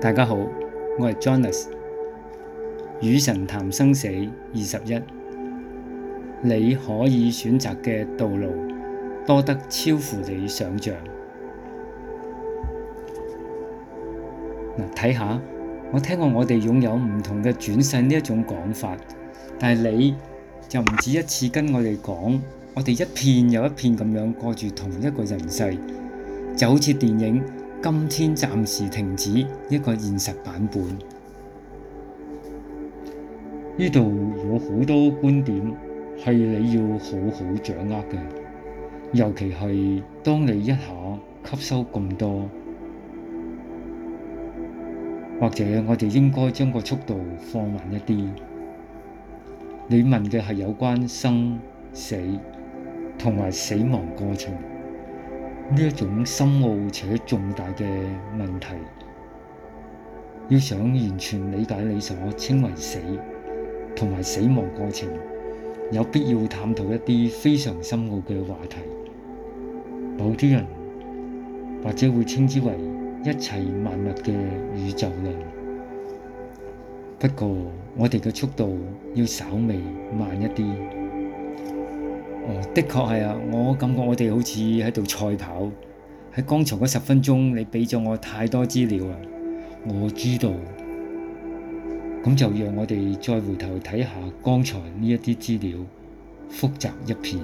大家好，我係 Jonas，與神談生死二十一，你可以選擇嘅道路多得超乎你想像。嗱，睇下，我聽過我哋擁有唔同嘅轉世呢一種講法，但係你就唔止一次跟我哋講，我哋一片又一片咁樣過住同一個人世，就好似電影。今天暫時停止一個現實版本。呢度有好多觀點係你要好好掌握嘅，尤其係當你一下吸收咁多，或者我哋應該將個速度放慢一啲。你問嘅係有關生死同埋死亡過程。呢一種深奧且重大嘅問題，要想完全理解你所稱為死同埋死亡過程，有必要探討一啲非常深奧嘅話題。某啲人或者會稱之為一切萬物嘅宇宙論。不過，我哋嘅速度要稍微慢一啲。哦、的確係啊，我感覺我哋好似喺度賽跑。喺剛才嗰十分鐘，你畀咗我太多資料啊！我知道，咁就讓我哋再回頭睇下剛才呢一啲資料，複習一遍。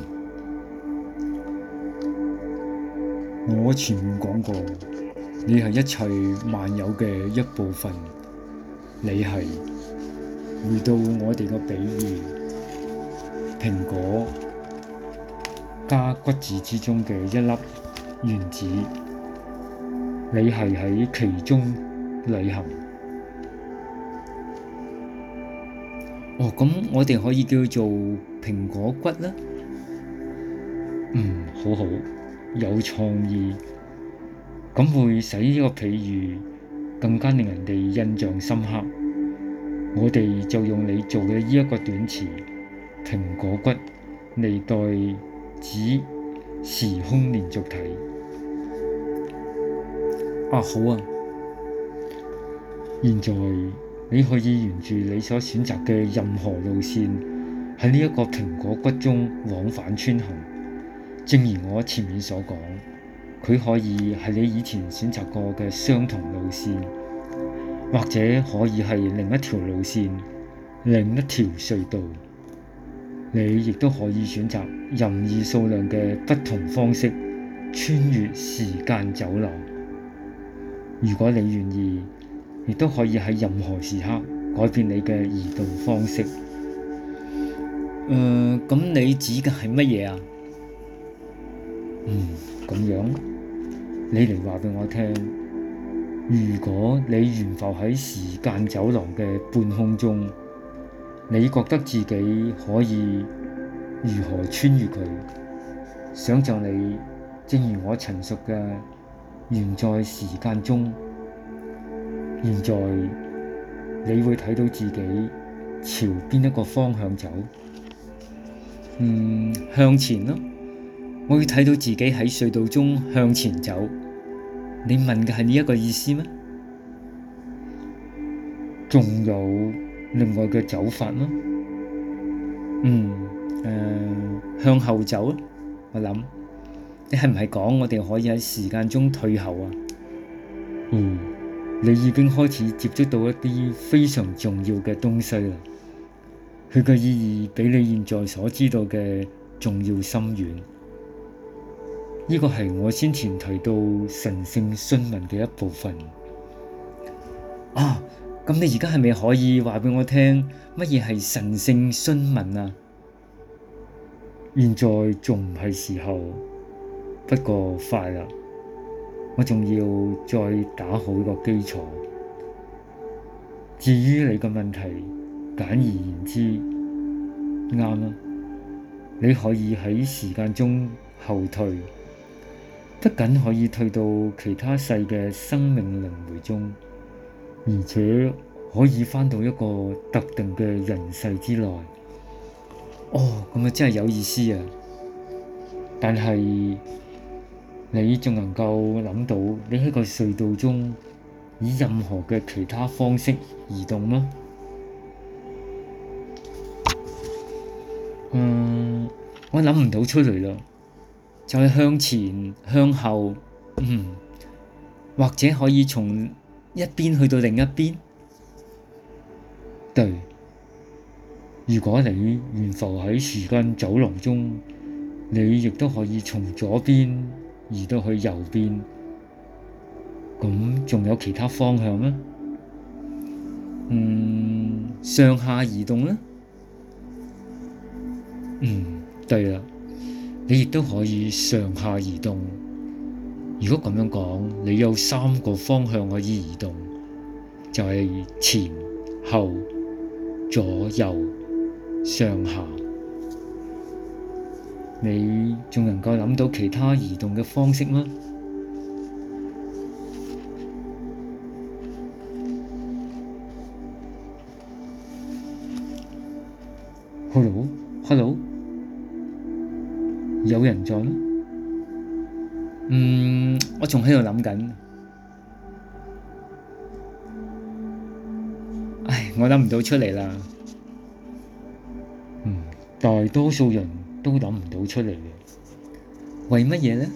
我前面講過，你係一切萬有嘅一部分，你係回到我哋個比喻蘋果。加骨子之中嘅一粒原子，你係喺其中旅行。哦，咁我哋可以叫做蘋果骨啦。嗯，好好，有創意，咁會使呢個比喻更加令人哋印象深刻。我哋就用你做嘅呢一個短詞蘋果骨嚟代指時空連續體啊，好啊！現在你可以沿住你所選擇嘅任何路線喺呢一個蘋果骨中往返穿行。正如我前面所講，佢可以係你以前選擇過嘅相同路線，或者可以係另一條路線，另一條隧道。你亦都可以選擇任意數量嘅不同方式穿越時間走廊。如果你願意，亦都可以喺任何時刻改變你嘅移動方式。誒、嗯，咁你指嘅係乜嘢啊？嗯，咁樣，你嚟話畀我聽。如果你懸浮喺時間走廊嘅半空中。你覺得自己可以如何穿越佢？想像你正如我陳述嘅，現在時間中，現在你會睇到自己朝邊一個方向走？嗯，向前咯。我要睇到自己喺隧道中向前走。你問嘅係呢一個意思咩？仲有？另外嘅走法咯，嗯，誒、呃，向後走，我諗，你係唔係講我哋可以喺時間中退後啊？嗯，你已經開始接觸到一啲非常重要嘅東西啦，佢嘅意義比你現在所知道嘅仲要深遠。呢個係我先前提到神聖詢問嘅一部分啊！咁你而家係咪可以話畀我聽乜嘢係神性詢問啊？現在仲唔係時候，不過快啦，我仲要再打好個基礎。至於你個問題，簡而言之，啱啦。你可以喺時間中後退，不僅可以退到其他世嘅生命靈魂中。而且可以翻到一個特定嘅人世之內，哦，咁啊真係有意思啊！但係你仲能夠諗到你喺個隧道中以任何嘅其他方式移動嗎？嗯，我諗唔到出嚟啦。就係向前、向後，嗯，或者可以從一邊去到另一邊，對。如果你懸浮喺時間走廊中，你亦都可以從左邊移到去右邊。咁仲有其他方向咩？嗯，上下移動呢？嗯，對啦，你亦都可以上下移動。如果咁樣講，你有三個方向嘅移動，就係前、後、左右、上下。你仲能夠諗到其他移動嘅方式嗎？Hello，hello，Hello? 有人在嗎？嗯。仲喺度諗緊，唉，我諗唔到出嚟啦。嗯，大多數人都諗唔到出嚟嘅，為乜嘢呢？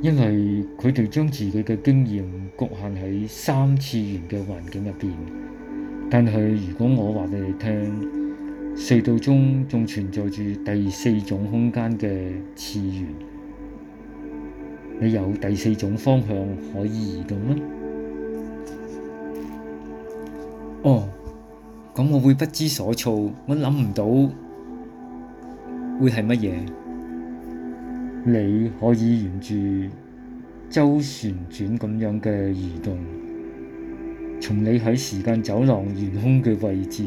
因為佢哋將自己嘅經驗局限喺三次元嘅環境入邊，但係如果我話畀你聽，隧道中仲存在住第四種空間嘅次元。你有第四種方向可以移動嗎？哦，咁我會不知所措，我諗唔到會係乜嘢。你可以沿住周旋轉咁樣嘅移動，從你喺時間走廊懸空嘅位置，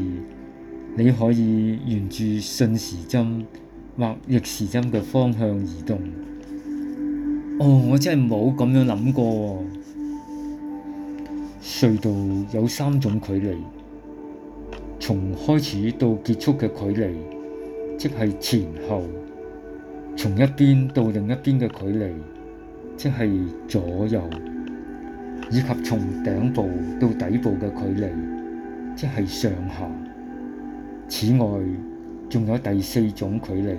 你可以沿住順時針或逆時針嘅方向移動。哦，oh, 我真係冇咁樣諗過喎。隧道有三種距離：從開始到結束嘅距離，即係前後；從一邊到另一邊嘅距離，即係左右；以及從頂部到底部嘅距離，即係上下。此外，仲有第四種距離，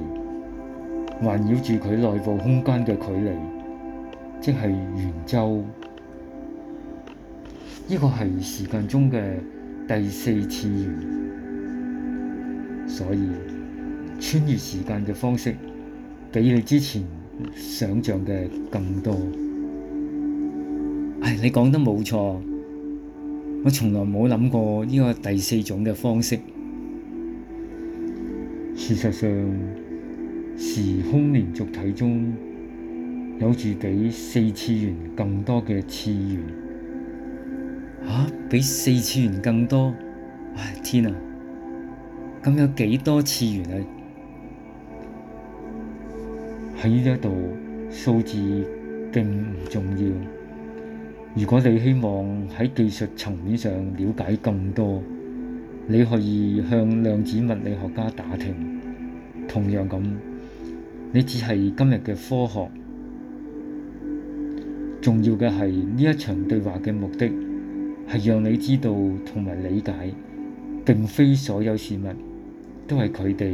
環繞住佢內部空間嘅距離。即係圓周，呢個係時間中嘅第四次元，所以穿越時間嘅方式比你之前想像嘅更多。係、哎、你講得冇錯，我從來冇諗過呢個第四種嘅方式。事實上，時空連續體中。有自己四次元更多嘅次元嚇、啊，比四次元更多，唉天啊！咁有幾多次元啊？喺呢一度數字勁唔重要。如果你希望喺技術層面上了解更多，你可以向量子物理學家打聽，同樣咁，你只係今日嘅科學。重要嘅係呢一場對話嘅目的，係讓你知道同埋理解，並非所有事物都係佢哋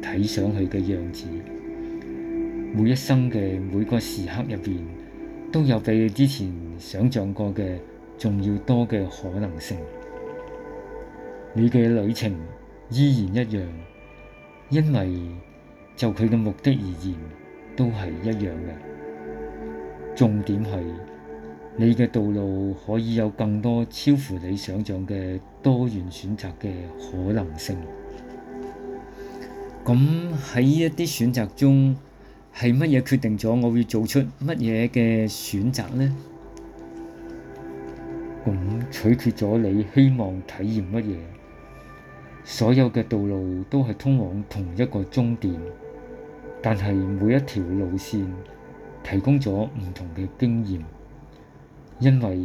睇上去嘅樣子。每一生嘅每個時刻入邊，都有比你之前想象過嘅重要多嘅可能性。你嘅旅程依然一樣，因為就佢嘅目的而言，都係一樣嘅。重點係你嘅道路可以有更多超乎你想象嘅多元選擇嘅可能性。咁喺一啲選擇中，係乜嘢決定咗我會做出乜嘢嘅選擇呢？咁取決咗你希望體驗乜嘢。所有嘅道路都係通往同一個終點，但係每一條路線。提供咗唔同嘅經驗，因為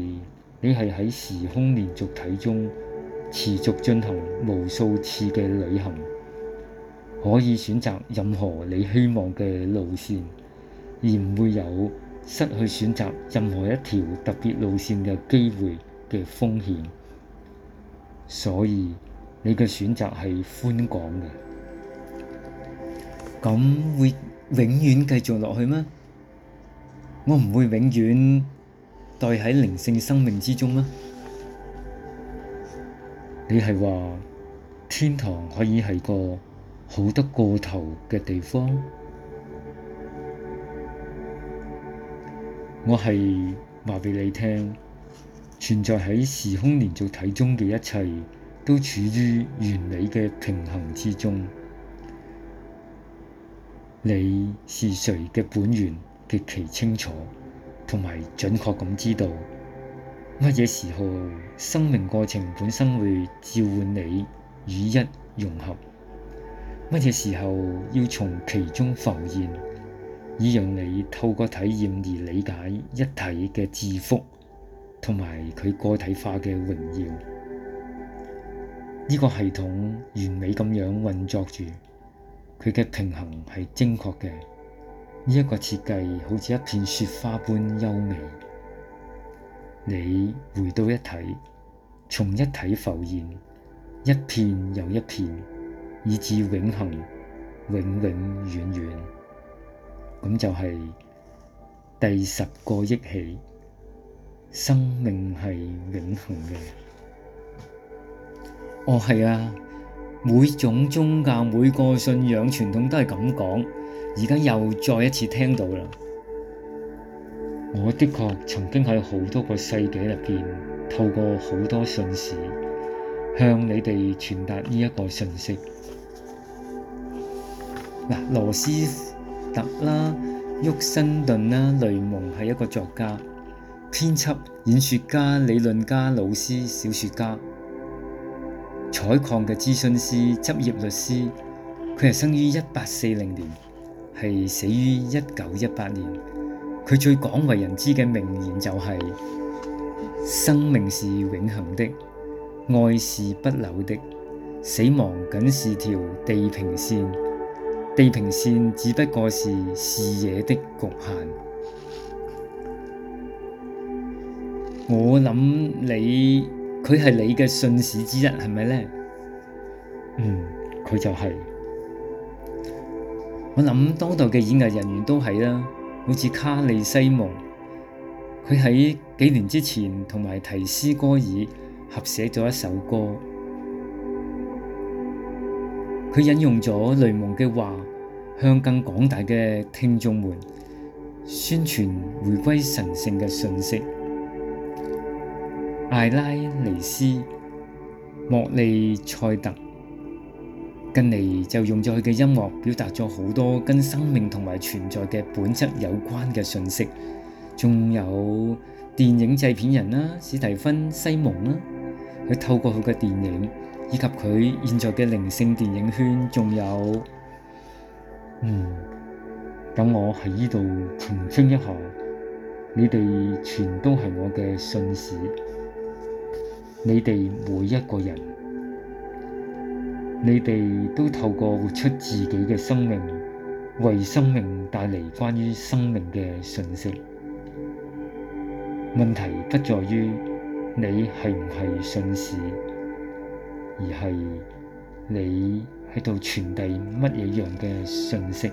你係喺時空連續體中持續進行無數次嘅旅行，可以選擇任何你希望嘅路線，而唔會有失去選擇任何一條特別路線嘅機會嘅風險。所以你嘅選擇係寬廣嘅。咁會永遠繼續落去咩？我唔會永遠待喺靈性生命之中嗎？你係話天堂可以係個好得過頭嘅地方？我係話畀你聽，存在喺時空連續體中嘅一切，都處於完美嘅平衡之中。你是誰嘅本源？極其清楚同埋準確咁知道乜嘢時候生命過程本身會召喚你與一融合，乜嘢時候要從其中浮現，以讓你透過體驗而理解一體嘅祝福同埋佢個體化嘅榮耀。呢個系統完美咁樣運作住，佢嘅平衡係正確嘅。呢一個設計好似一片雪花般優美，你回到一體，從一體浮現，一片又一片，以致永恆、永永遠遠。咁就係第十個憶起，生命係永恆嘅。哦，係啊，每種宗教、每個信仰傳統都係咁講。而家又再一次聽到啦！我的確曾經喺好多個世紀入邊，透過好多信使向你哋傳達呢一個信息。嗱，羅斯特啦、沃辛頓啦、雷蒙係一個作家、編輯、演說家、理論家、老師、小説家、採礦嘅諮詢師、執業律師。佢係生於一八四零年。係死於一九一八年，佢最廣為人知嘅名言就係、是：生命是永恆的，愛是不朽的，死亡僅是條地平線，地平線只不過是視野的局限。我諗你佢係你嘅信使之一，係咪呢？嗯，佢就係、是。我諗當代嘅演藝人員都係啦，好似卡利西蒙，佢喺幾年之前同埋提斯戈爾合寫咗一首歌，佢引用咗雷蒙嘅話，向更廣大嘅聽眾們宣傳回歸神聖嘅訊息。艾拉尼斯莫利塞特。近嚟就用咗佢嘅音樂表達咗好多跟生命同埋存在嘅本質有關嘅信息，仲有電影製片人啦，史蒂芬西蒙啦，佢透過佢嘅電影以及佢現在嘅靈性電影圈，仲有嗯，等我喺呢度澄清一下，你哋全都係我嘅信使，你哋每一個人。你哋都透過活出自己嘅生命，為生命帶嚟關於生命嘅信息。問題不在於你係唔係信使，而係你喺度傳遞乜嘢樣嘅信息。